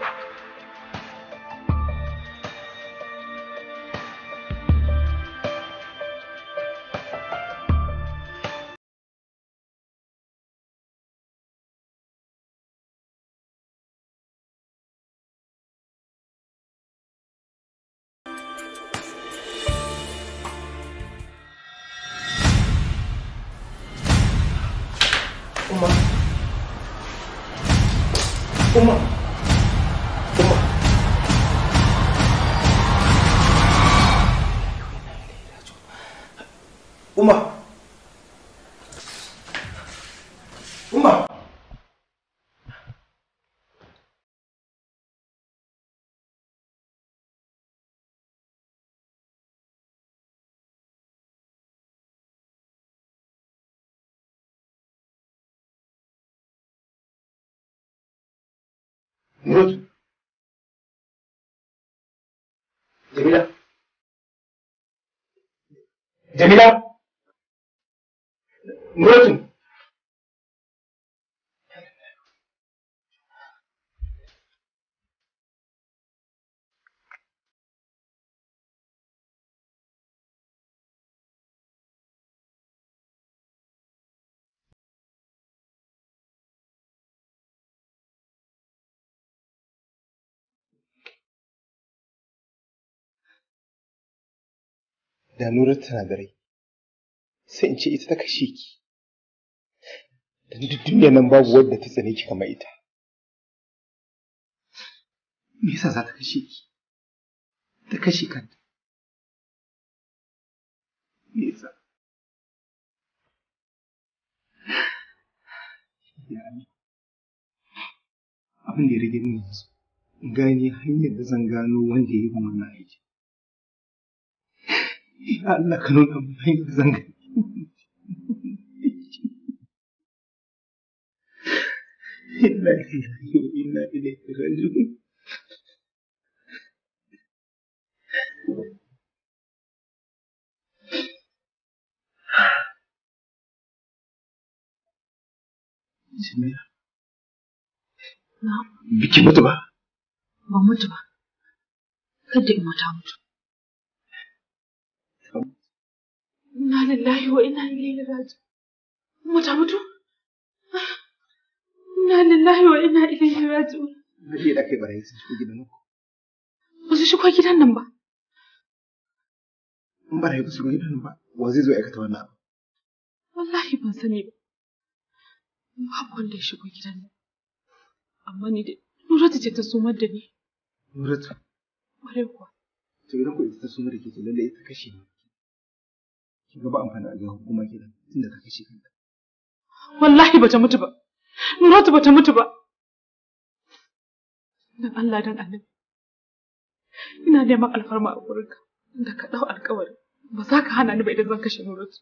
哥们，哥们。মূলত জেমিলা জেমিলা da allurar sinadarai sai in ce ita ta kashe ki duk duniya nan babu wadda ta tsane ki kamar ita me yasa za ta kashe ki ta kashe kanta me yasa abin da ya rage min yanzu gane hanyar da zan gano wanda ya yi wannan aiki Allah ka nuna mai zanga. Inna lillahi wa inna ilaihi raji'un. Jamila. Biki mutu ba? Ba mutu ba. Kada in mata mutu. Inna lillahi wa inna ilaihi raji'un. Mu ta mutu? Inna lillahi wa inna ilaihi raji'un. Na je da kai barayi sun shigo gidan ku. Ba su shigo gidan nan ba. In barayi ba su shigo gidan nan ba, wa zai zo aikata wannan abu? Wallahi ban sani ba. Babu wanda ya shigo gidan nan. Amma ni dai. Nuratu ce ta sumar da ni. Nuratu? Ƙwarai kuwa. To idan ku ita ta sumar da ke lallai ita kashe ni. ki ga ba wallahi bata mutu ba Nuratu bata mutu ba dan Allah neman alfarma a gurinka da ka dau alƙawari ba za ka hana ni ba idan zan kashe Nuratu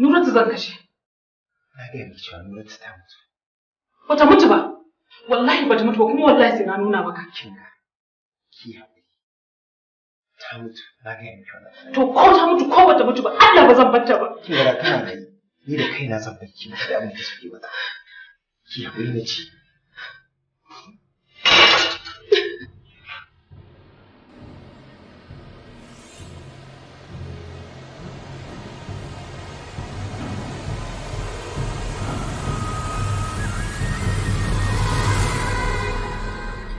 Nuratu Na gaya miki cewa Nuratu ta mutu. Bata mutu ba. Wallahi bata mutu ba kuma wallahi sai na nuna maka. Kin ga. Ki haƙuri. Ta mutu. Na gaya miki wannan. To ko ta mutu ko bata mutu ba Allah ba zan bata ba. Kin ga kana da ni da kaina zan bar ki da abin da suke ba. Ki haƙuri na ce.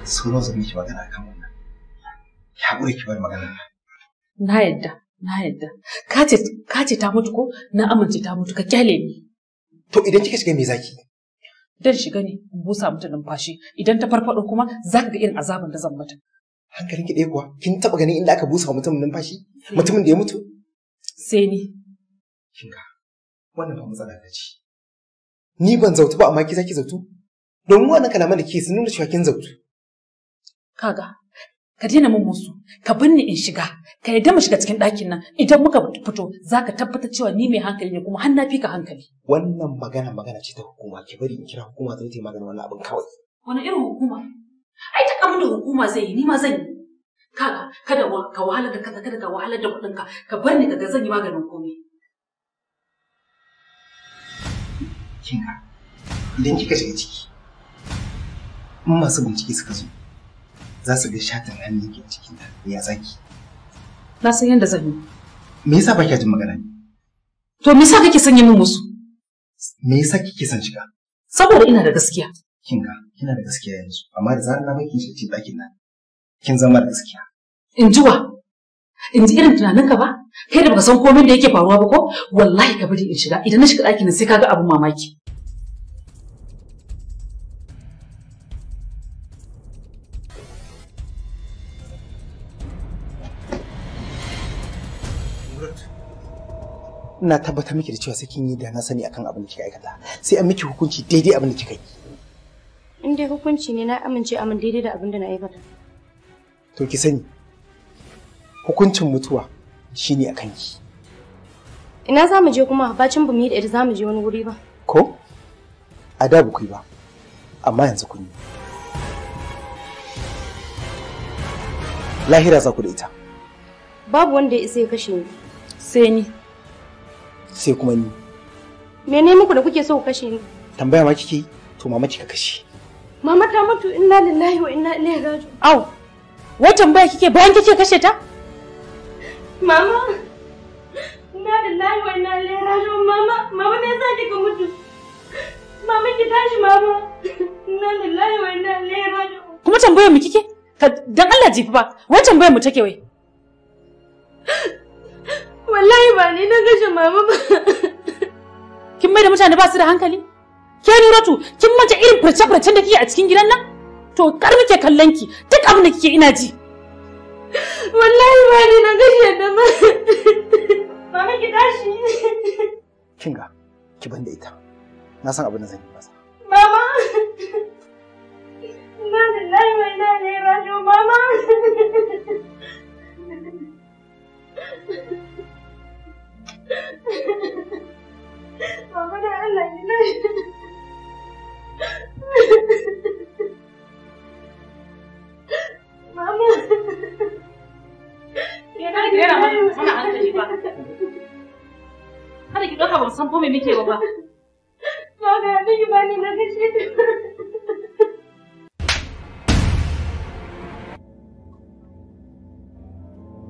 sauran su miki magana kan wannan ki haƙura ki bar magana na yadda na yadda ka ce ta mutu ko na amince ta mutu ka kyale to idan kika shiga me zaki dan shiga ne in busa mata numfashi idan ta farfado kuma za ka ga irin azaban da zan mata hankalinki ɗaya kuwa kin taɓa ganin inda aka busa mutum numfashi mutumin da ya mutu sai ni kin ga wannan matsala ni ban zautu ba ki zaki zautu domin wannan kalaman da ke sun nuna kin zautu kaga ka daina min musu ka binne in shiga ka yadda mu shiga cikin ɗakin nan idan muka fito za ka tabbatar cewa ni mai hankali ne kuma har na fi ka hankali wannan magana magana ce ta hukuma ki bari in kira hukuma zai ta magana wannan abin kawai wani irin hukuma ai ta kamun da hukuma zai yi ni ma zan yi kaga kada ka wahalar da kanka kada ka wahalar da kuɗinka ka bar ni kaga zan yi maganin komai kinga idan kika shiga ciki in masu bincike suka zo za su ga shatin hannun yake cikin ta ya zaki na san yadda zan yi me yasa ba kya jin magana to me yasa kake sanya min musu me yasa kike son shiga saboda ina da gaskiya kin ga kina da gaskiya yanzu amma da zarar na miki shi ce dakin nan kin zama da gaskiya in ji wa in ji irin tunaninka ba kai da baka san komai da yake faruwa ba ko wallahi ka bari in shiga idan na shiga nan sai kaga abun mamaki ina tabbatar miki da cewa sai kin yi da na sani akan abin da kika aikata sai an miki hukunci daidai abin da kika yi in dai hukunci ne na amince amin daidai da abin da na aikata to ki sani hukuncin mutuwa shine akan ki ina za mu je kuma bacin mu yi da ita za mu je wani wuri ba ko a da ba yi ba amma yanzu kun yi lahira za ku da ita babu wanda ya isa ya kashe ni sai ni sai kuma ni ne muku da kuke so ku kashe ni tambaya ma kike to mama kika kashe mama ta mutu inna lillahi wa inna ilaihi raji'un au Wa tambaya kike bayan kike kashe ta mama inna lillahi wa inna ilaihi raji'un mama mama me yasa kika mutu mama ki tashi mama inna lillahi wa inna ilaihi raji'un kuma tambayar mu kike dan Allah jifi ba Wa tambayar mu take wai Wallahi ba ni na gashi mama ba. Kin mai da mutane ba su da hankali? Ke Nuratu, kin mace irin furce-furcen da kike a cikin gidan nan? To kar muke kallon ki, duk abin da kike ina ji. Wallahi ba ni na gashi da ba. Mama ki tashi. Kinga, ki banda ita. Na san abin da zan yi masa. Mama!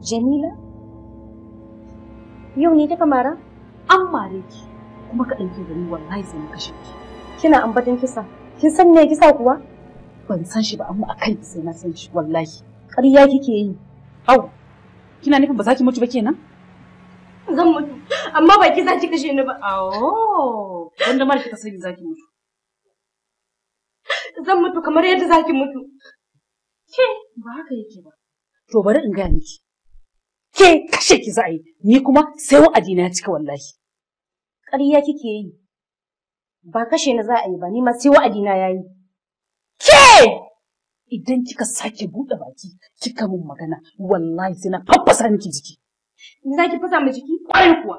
Jamila, yau ne ta kamara? An mare ki, kuma ka ɗauki gari wallahi sai na kashe ki. Kina ambaton kisa, kin san me kisa kuwa? Ban san shi ba amma akan sai na san shi wallahi. Ƙarya kike yi. Au, kina nufin ba za ki mutu ba kenan? Zan mutu, amma ba ki za ki kashe ni ba. Awo, wanda mara ta sani za ki mutu. Zan mutu kamar yadda za ki mutu. Ke, ba haka yake ba. To bari in gaya miki. ke kashe ki za a yi ni kuma sai wa'adi na cika wallahi ƙarya kike yi ba kashe na za a yi ba ni ma sai wa'adi na yayi ke idan kika sake buɗe baki kika mun magana wallahi sai na fafasa miki jiki ni za ki fasa mu jiki ƙwarai kuwa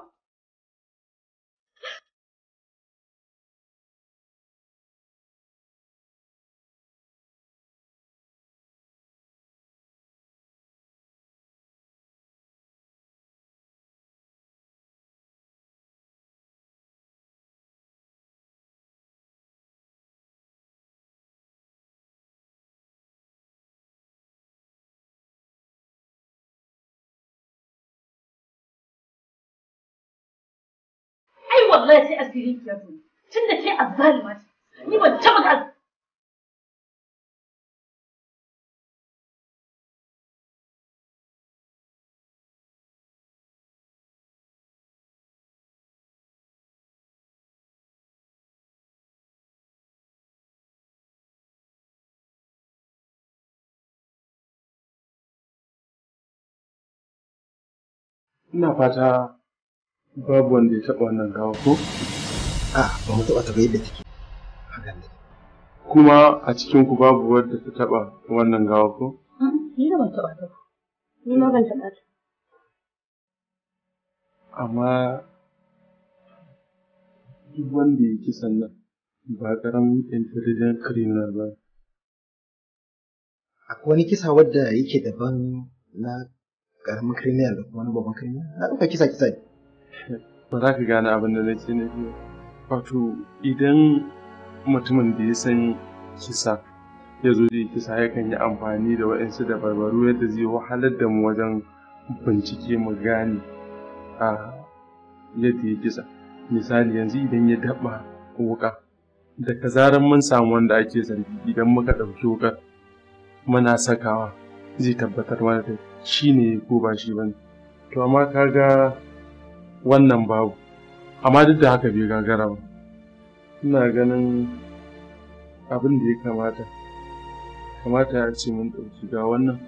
wallahi sai asirin ki ya zo tun da ke azzalima ce ni ban taba ga Ina fata babu wanda ya taɓa wannan gawa ko? a ba mu taɓa taɓa yadda take kuma a cikin ku babu wadda ta taɓa wannan gawa ko? ni da ban taɓa ta ni ma ban taɓa ta amma duk wanda ya kisan ba ƙaramin intelligent criminal ba akwai wani kisa wadda yake daban na ƙaramin criminal da kuma wani babban criminal na ɗauka kisa kisa ne ba za ka gane abin da nake nufi wato idan mutumin da ya san kisa ya zo zai kisa yakan yi amfani da waɗansu dabarbaru yadda zai wahalar da mu wajen bincike mu gane a yadda ya kisa misali yanzu idan ya daɓa wuka da ka zarar mun samu wanda ake zargi idan muka ɗauki wukar muna sakawa zai tabbatar mana da shi ne ko ba shi ba ne to amma ka ga. wannan babu amma duk da haka bai gagara ba ina ganin abin da ya kamata kamata ya ce mun ɗauki ga wannan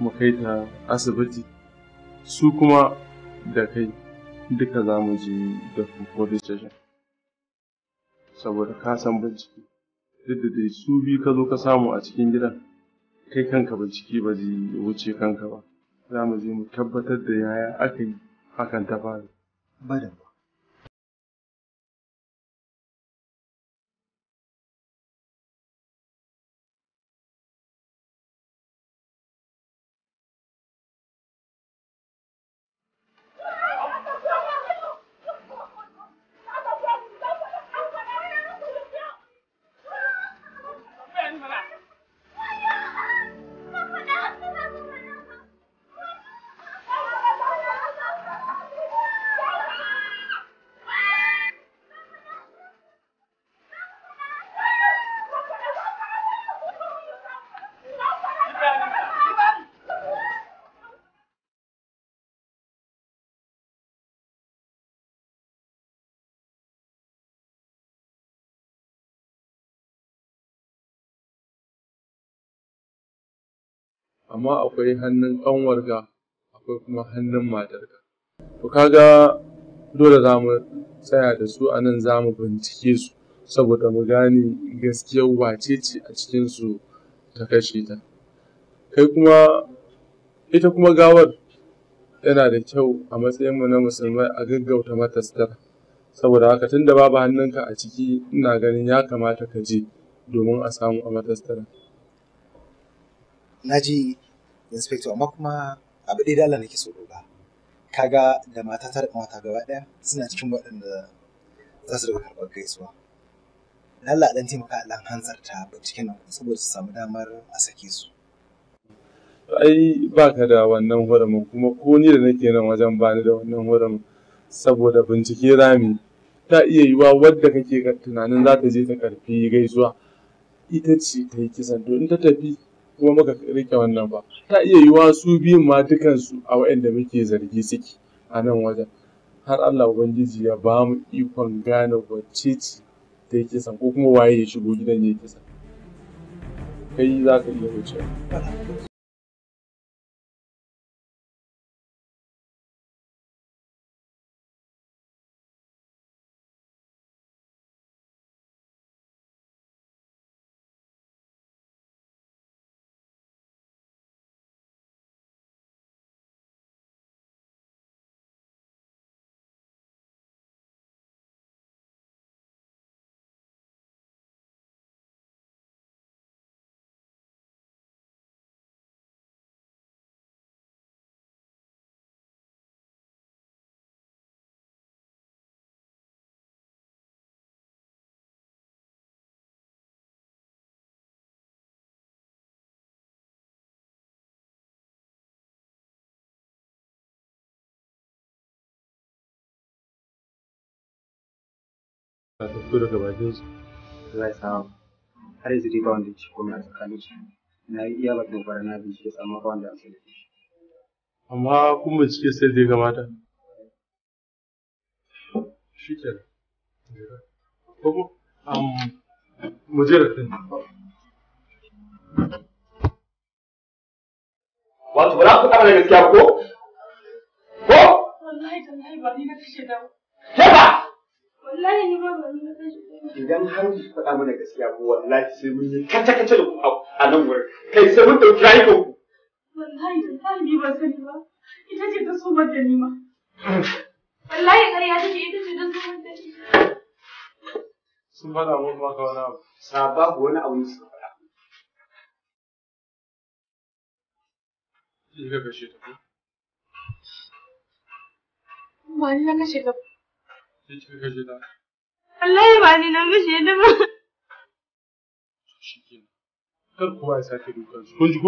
mu kai ta asibiti su kuma da kai duka za mu je da police station saboda ka san bincike duk da dai su biyu ka zo ka samu a cikin gidan kai kanka bincike ba zai wuce kanka ba za mu je mu tabbatar da yaya aka yi hakan ta faru بر amma akwai hannun ƙanwarka akwai kuma hannun matarka to ga dole za mu tsaya da su a nan za mu bincike su saboda mu gane gaskiyar wace ce a cikinsu ta kashe ta kai kuma ita kuma gawar yana da kyau a matsayinmu na musulmai a gaggauta mata saboda haka tunda da babu hannunka a ciki ina ganin ya kamata ka je domin a samu a matastara. na ji inspector amma kuma abu ɗaya dala nake so doka kaga da ta da mata gaba ɗaya suna cikin waɗanda za su daga karɓar gaisuwa Allah dan taimaka Allah hanzarta binciken nan saboda su samu damar a sake su ai ba ka da wannan hurumi kuma ko ni da nake nan wajen ba ni da wannan hurumi saboda bincike rami ta iya yiwa wadda kake tunanin za ta je ta karfi gaisuwa ita ce ta yi kisan to in ta tafi kuma muka rike wannan ba ta iya yiwa su biyun ma dukansu a waɗanda muke zargi suke a nan wajen har Allah Ubangiji ya ba mu ikon gane wacce ce ta yake kisan ko kuma waye ya shigo gidan ya yi kai za ka iya wuce ta fito daga bakin su Allah ya samu har yanzu dai a na yi iya bakin bara na bincike samu ba wanda a tsakanin shi amma kun bincike sai dai kamata shi ke ko mu je da kai wato ba za ku kama da gaskiya ko ko wallahi tallahi Wallahi ni ma ban Idan har ku faɗa mana gaskiya ko wallahi sai mun yi kace kace da ku a nan wurin. Kai sai mun ɗauki rayuwar ku. Wallahi wallahi ni ba sani ba. Ita ce ta somar da ni ma. Wallahi ƙarya take ita ce ta somar da ni. Sun faɗa mun ba ka wani abu. Sababu wani abu su faɗa. Ina kashe ta ko? Ba ni na kashe ta ba. Hiç mi geceler? Wallahi ba ni na ya sake dukansu. Kun ji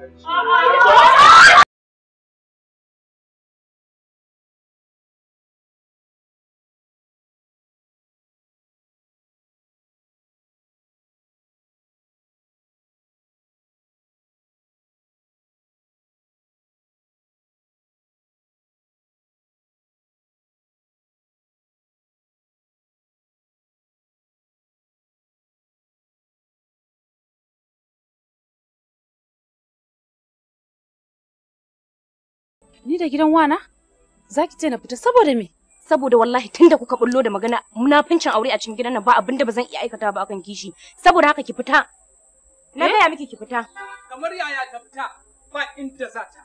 marriage Ni da gidan wana? Za ki ce na fita saboda me? Saboda wallahi tun da kuka bullo da magana munafincin aure a cikin gidan nan ba abinda ba zan iya aikata ba akan kishi. Saboda haka ki fita. Na gaya miki ki fita. Kamar yaya ta fita ba inda za ta.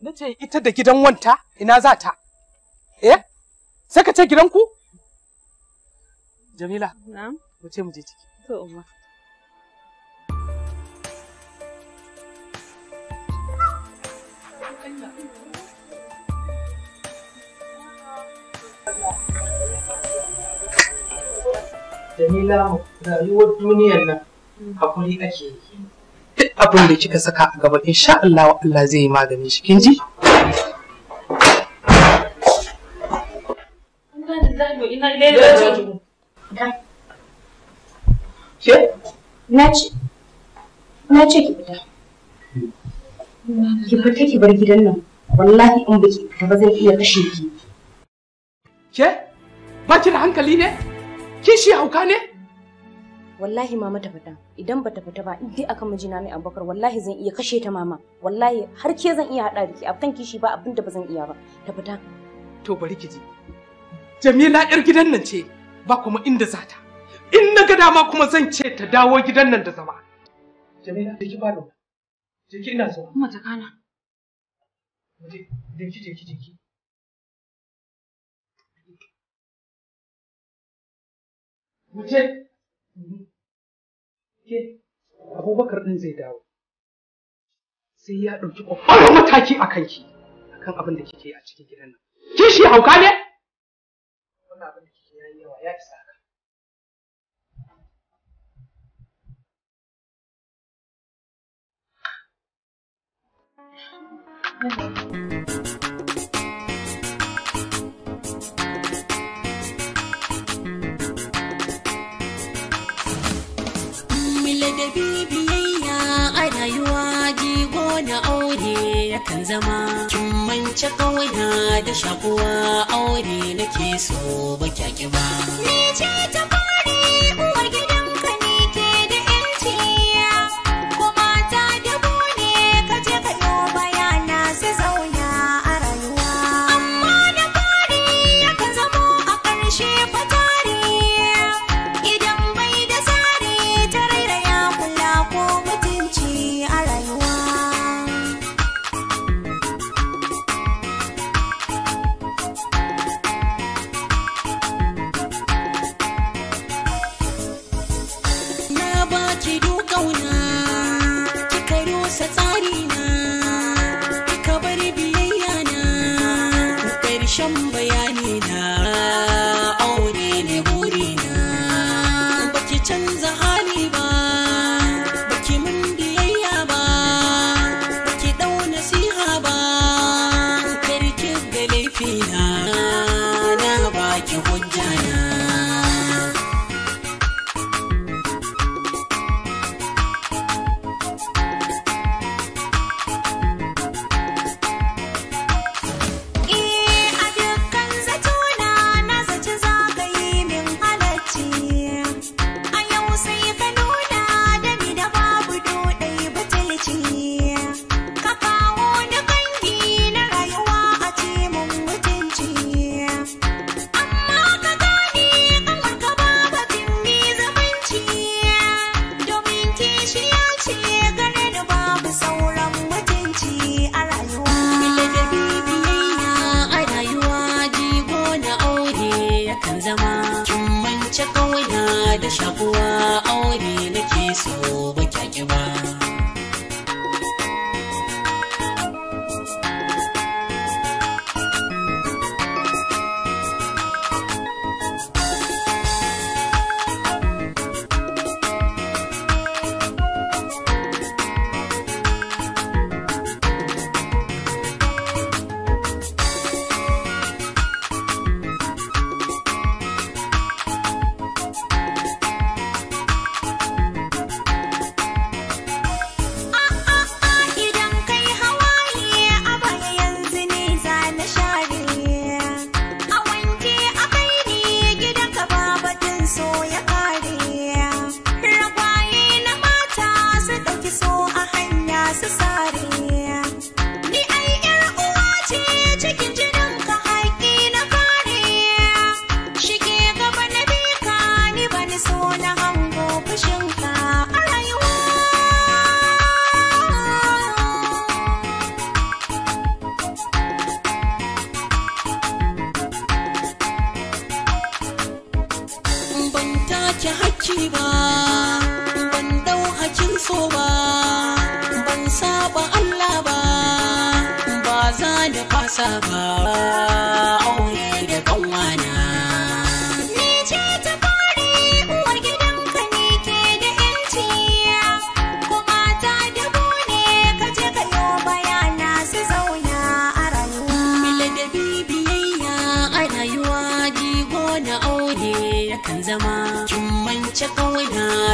Na ce ita da gidan wanta ina za ta? Eh? Sai ka ce gidanku? Jamila. Na'am. Mu ce mu je ciki. To, umma. da ni rayuwar duniyar nan hakuri ake yi duk abin da kika saka a gaba insha Allah Allah zai yi maganin shi kin ji Na ce ki fita. Ki fita ki bar gidan nan. Wallahi in baki fita ba zan iya kashe ki. Ke? Ba ki da hankali ne? Kishi hauka ne? Wallahi mama ta fita. Idan bata fita ba in dai akan mijina mai Abubakar wallahi zan iya kashe ta mama. Wallahi har ke zan iya hada da ke abokan kishi ba abinda ba zan iya ba. Ta fita. To bari ki ji. Jamila yar gidan nan ce ba kuma inda za ta. In na ga dama kuma zan ce ta dawo gidan nan da zama. Jamila je ki falo. Je ki ina zuwa. Mata kana. Je ki je ki je ki. Wuce. Ke, Abubakar ɗin zai dawo. Sai ya ɗauki ƙwaƙwar mataki a kanki, a kan abin da kike a cikin gidan nan. Kin shi hauka ne? Wannan abin da kike yayi yawa ya isa ka. Thank you. da bibiyayya a rayuwa jigo na aure yakan zama kin mance kauna da shakuwa aure nake so ba kyaki ba ni ce ta fari uwar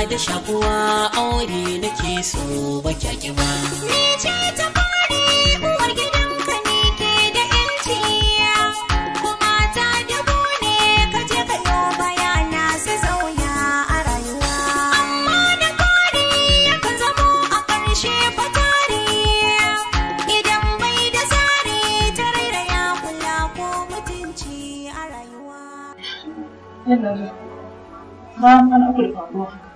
na da shakuwa aure nake so ba kyaki ba. Ni ce ta fari uwar gidanka ne ke da inci kuma ta dubu ne ka je ka yo bayana su zauna a rayuwa. Amma da fari yakan zamo a ƙarshe fatari idan bai da tsari ta rairaya kula ko mutunci a rayuwa. Yana ba an akwai faruwa.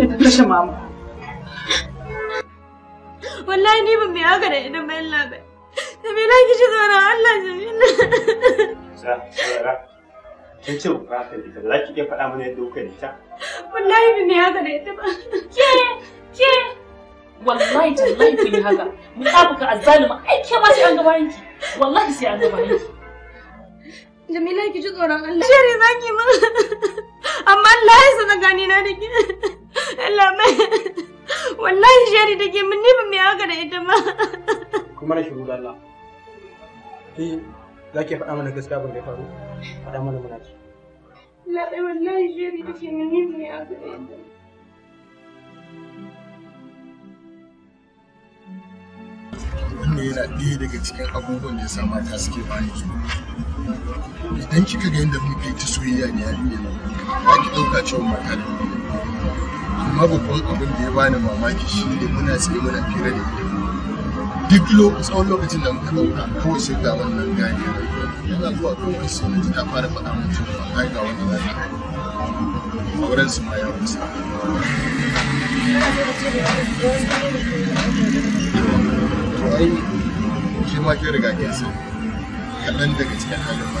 ne ta kashe mama. Wallahi ni ban mai haka da idan bayan labai. Da me laki ji tsoron Allah jamila. Sa, Kin ce ba ka da ba za ki iya faɗa mana yadda kuka da Wallahi ban mai haka da ita ba. Ke, ke. Wallahi kun yi haka. Mun tsafuka azzalima ai ke ma sai an gabarin ki. Wallahi sai an gabarin ki. Jamila ki ji tsoron Allah. Shari za ki mun. Amma Allah ya sana gani na da bari da ke mun ba mai haka da ita ma. Kuma na shiru lalla. Ki za ki faɗa mana gaskiya abin da ya faru? Faɗa mana muna ci. Lalle wallahi shiri da ke mun ni mai haka da ita. Wannan yana ɗaya daga cikin abubuwan da ya sa mata suke bayan su. Idan kika ga yadda muke ta soyayya da yarinya nan, za ki ɗauka cewa mata da amma babban abin da ya bani mamaki shi ne muna tsaye muna fira da ita duk tsawon lokacin da muka ɗauka kawai sai ga wannan gane yana zuwa kawai sai ta fara faɗa mutum ba kai ga wani A wurin su ma ya wuce to ai shi ma ke riga ke sai kaɗan daga cikin halin ne.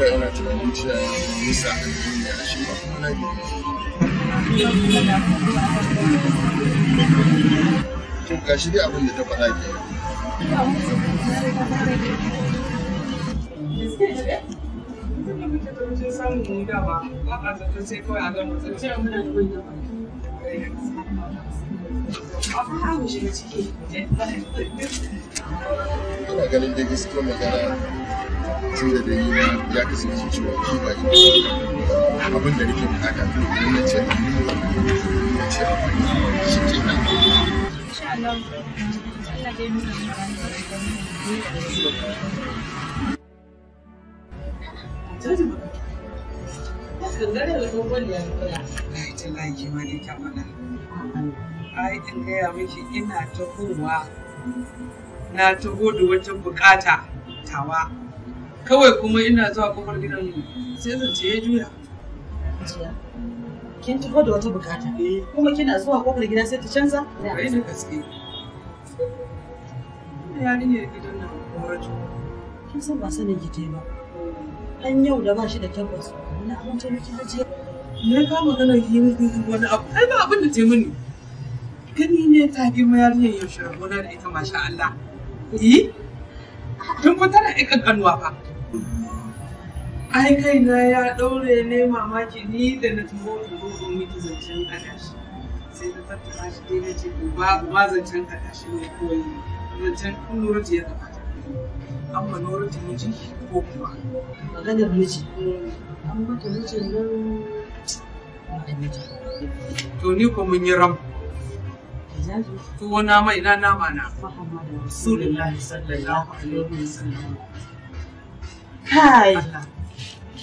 da yana tunanin cewa nisa a duniya shi ba kuma ne to ga shi dai abin da ta faɗa ke Ana ganin da gaskiya magana sai da dai ya kasance cewa shi ba yi abin da nake bukata to idan na ce da yi mu ce a yi shi ke nan Ai, ta laki wani kamana. Ai, in gaya miki ina tahowa na taho da wata bukata tawa kawai kuma ina zuwa kofar gidan sai zance ya juya kin taho da wata bukata eh. kuma kina zuwa kofar gida sai ta canza kai da gaske yarinyar gidan nan korajo kin san ba sanin ki ba dan yau da ba shi da tabbas na abinci miki da jiya na ka magana yi wani abu ai ba abin da ta mini gani ne ta girma yarinyar yaushe gona da ita masha Allah eh tun fa tana ikan kanuwa fa ai na ya ɗaure ne mamaki ni da na taho da gogo miki zancen kadashi sai na tattara shi dai na ce to babu ma zancen kadashi ne koyi zancen nurati ya kamata amma nurati miji ko kuma maganar miji an mata ce nan to ni ko mun yi ram tuwo na mai na nama na Muhammadu sallallahu alaihi wasallam kai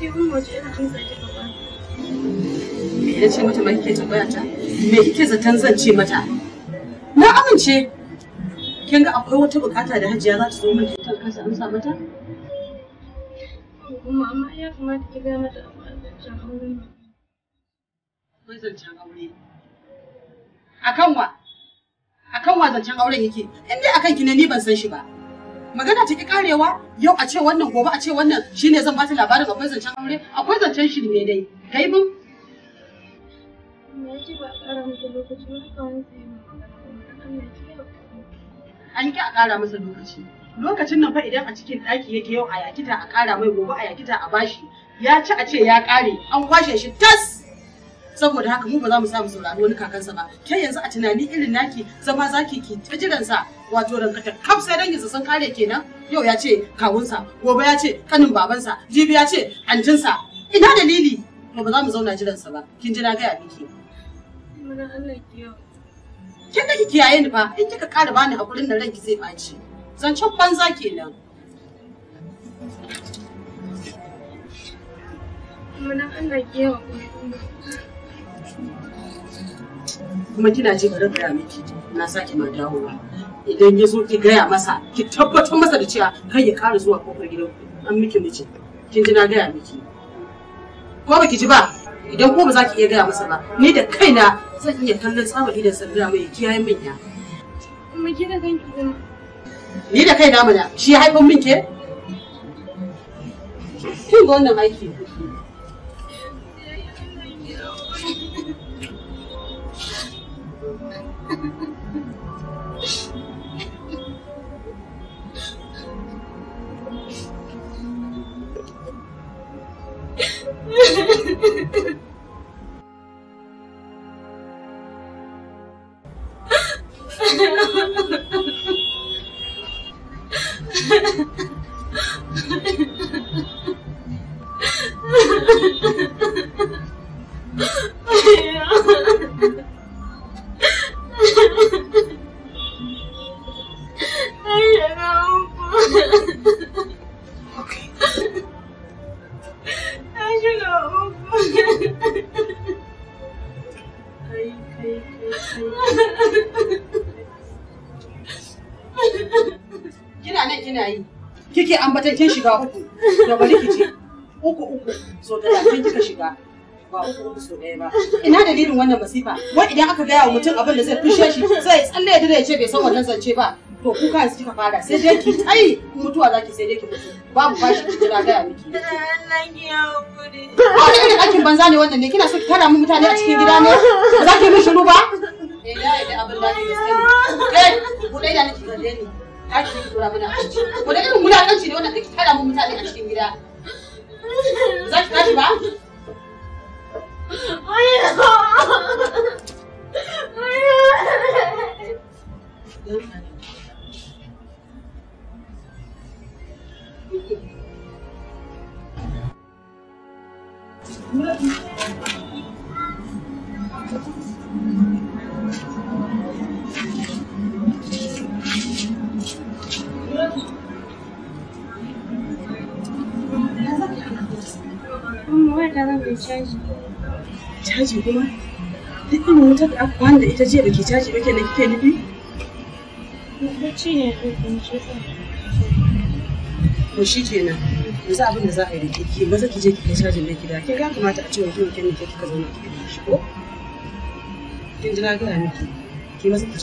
ihun me ya ce mata kike ta me kike zaton zan ce mata na amince kin ga akwai wata bukata da hajiya za ta zo mata ta kasa amsa mata kuma amma ya kamata ki ga mata zancen aure akan wa akan wa zancen auren yake in dai akan ki ne ni ban san shi ba magana ta ki karewa yau a ce wannan gobe a ce wannan shine zan bata labarin akwai zancen aure akwai zancen shi ne dai kai bin an ki a kara masa lokaci lokacin nan fa idan a cikin ɗaki yake yau a yakita a kara mai gobe a yakita a bashi ya ci a ce ya kare an kwashe shi tas saboda haka mu ba za mu samu saurari wani kakansa ba ke yanzu a tunani irin naki zama zaki ki ta jiransa wato rankata kaf sai danginsa san kare kenan yau ya ce kawunsa gobe ya ce kanin babansa jibi ya ce anjinsa ina dalili mu ba za mu zauna jiransa ba kin ji na gaya miki kin da kike yayin ni fa in kika ƙara bani a gurin da ranki zai ɓaci zancen banza kenan Muna Allah ki kuma kina ji bari gaya miki na sake ma dawowa idan ya zo ki gaya masa ki tabbatar masa da cewa kai ya ƙara zuwa kofar gidan an miki miki kin ji na gaya miki ko baki ji ba idan ko ba za ki iya gaya masa ba ni da kaina zan iya kallon tsaba gidan sandira mai kiyaye min ya kuma kina da kanki ni da kaina mana shi haifin min ke kin ga wannan aiki Kina nan kina yi. Kike ambatan kin shiga uku. Da bari kici, Uku uku so da kin kika shiga. Ina dalilin wannan masifa. Wai idan aka gaya wa mutum abin da zai fushe shi sai tsalle da ya ce bai san wannan zance ba. to kuka su kika fara sai dai ki tsayi mutuwa zaki sai dai ki mutu babu bashi ki jira gaya miki ko da irin aikin banza ne wannan ne kina so ki tara mu mutane a cikin gida ne ba za ki yi shiru ba eh ya yi abin da ki eh dai da nake gare ni aiki ki dora mana ko da irin mulakanci ne wannan da ki tara mu mutane a cikin gida za ki tashi ba Ayo! Ayo! caji kuma duk irin wutar da aka kwana da ita jiya da ke caji ba ke nufi? Bacci ne ya fi to shi kenan yanzu abin da za a yi da ke maza ki je ki kai cajin da gida kin ga kamata a ce wa kiwon kenan ke kika zauna ki gani shi ko kin ji na miki ki maza ki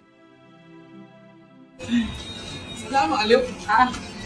je ki dawo Assalamu alaikum. Ah.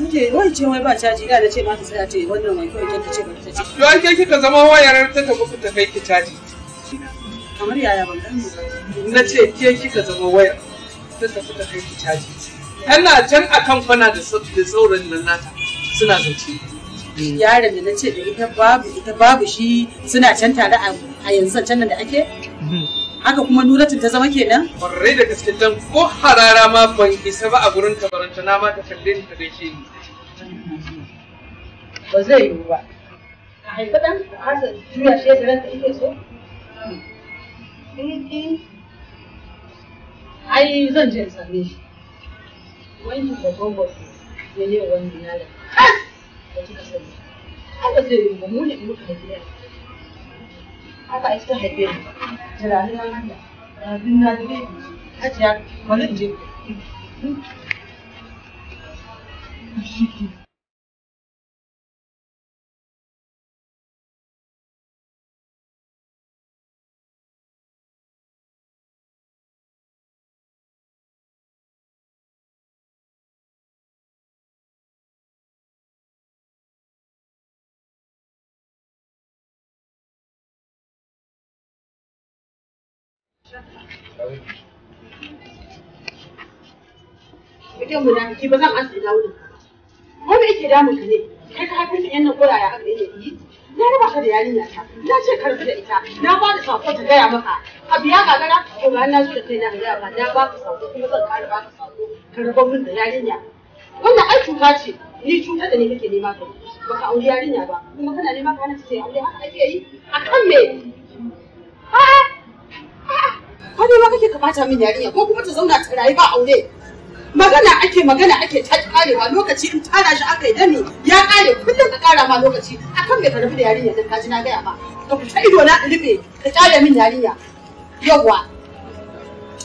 Nike wai ce wai ba caji da ce ma ta tsaya ce, wannan wanke wanke ta ce ba ta ce. Yau an ake kika zama wayar ta tafi ku ta kai ki caji. Kamar yaya ban gani Na ce ke kika zama wayar ta tafi ta kai ki caji. Tana can a kamfana da sauran nan nata suna zance. Mm. Yaron da na ce da ita babu ita babu shi suna can tare a yanzu can da ake. Mm-hmm. Haka kuma Nuratin ta zama kenan? Kwarai da gaske can ko harara ma ban isa ba a gurin ta baranta na ma ta kalle ni ta gaishe ni. Ba zai yi ba. A haifi ɗan a hasa juya shi yadda ranka ike so? Ai zan je in shi. Wani da gogo ya yi wani na da. Ba kika sani. Ai ba zai yi ba mu ne in muka da gida. haka iska haife mu jiragen lafiya jiragen lafiya hajiya bari in je kai munafiki ba zan ansa ina wurin ko me yake damun ka ne kai ka haifar da yan nan kuraya aka yi yi na raba ka da yarinya ta na ce ka da ita na ba da sako ta gaya maka abu ya gagara to ba na zo da kai na gaya ba na ba ka sako kuma zan kara ba ka sako ka raba min da yarinya wannan ai cuta ce ni cutar da ne kake nema ka ba ka auri yarinya ba kuma kana nema ka hana sai aure haka ake yi kan me a'a a'a har ma kake ka bata min yarinya ko kuma ta zauna ta rayu ba aure magana ake magana ake ta karewa lokaci in tara shi aka yi dani ya kare kullum ka kara ma lokaci akan bai karbi da yarinya dan kaji na gaya ma ka fita ido na rufe ka tare min yarinya yawwa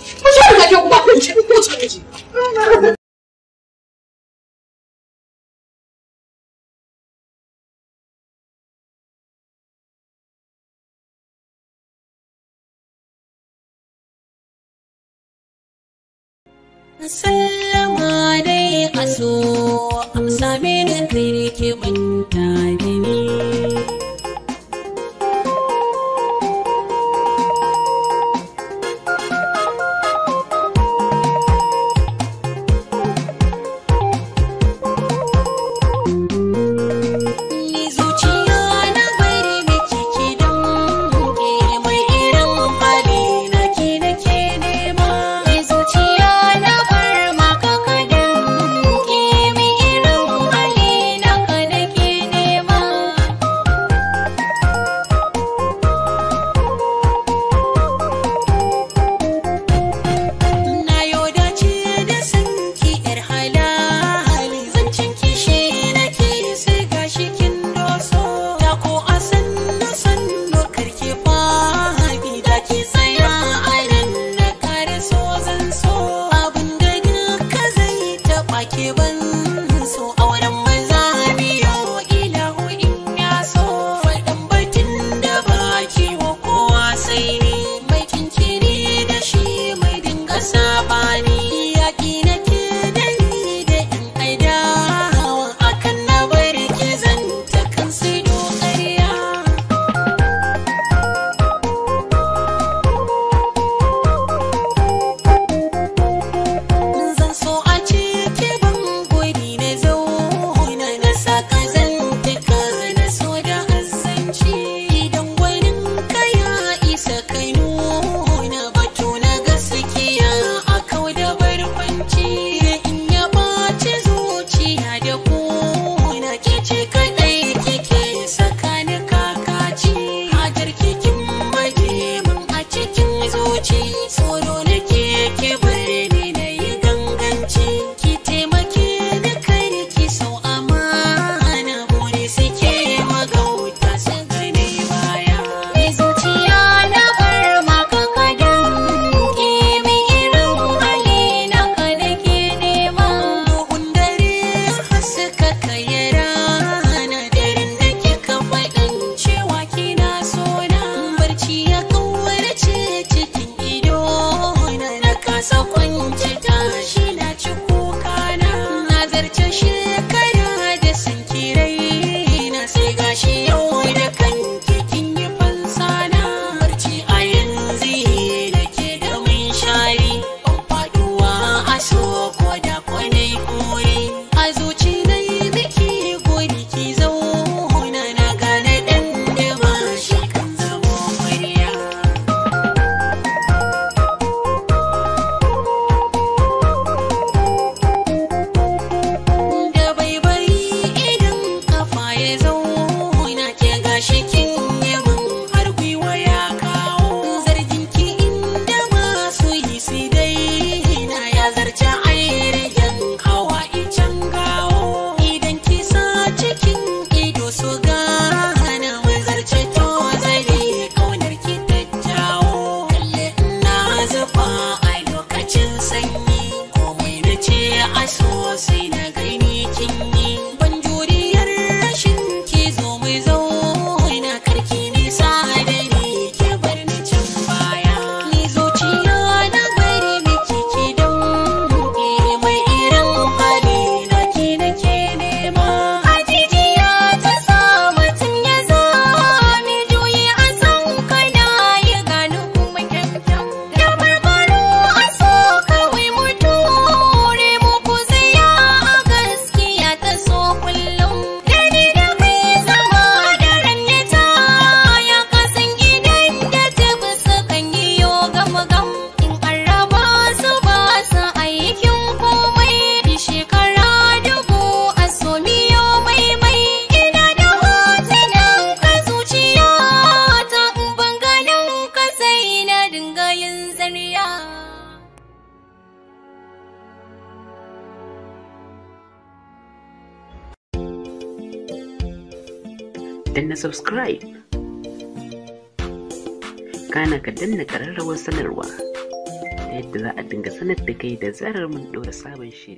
ku shi da ke kuma kun ci ku ci sallama dai kaso amsa mini zirki mun saben shit.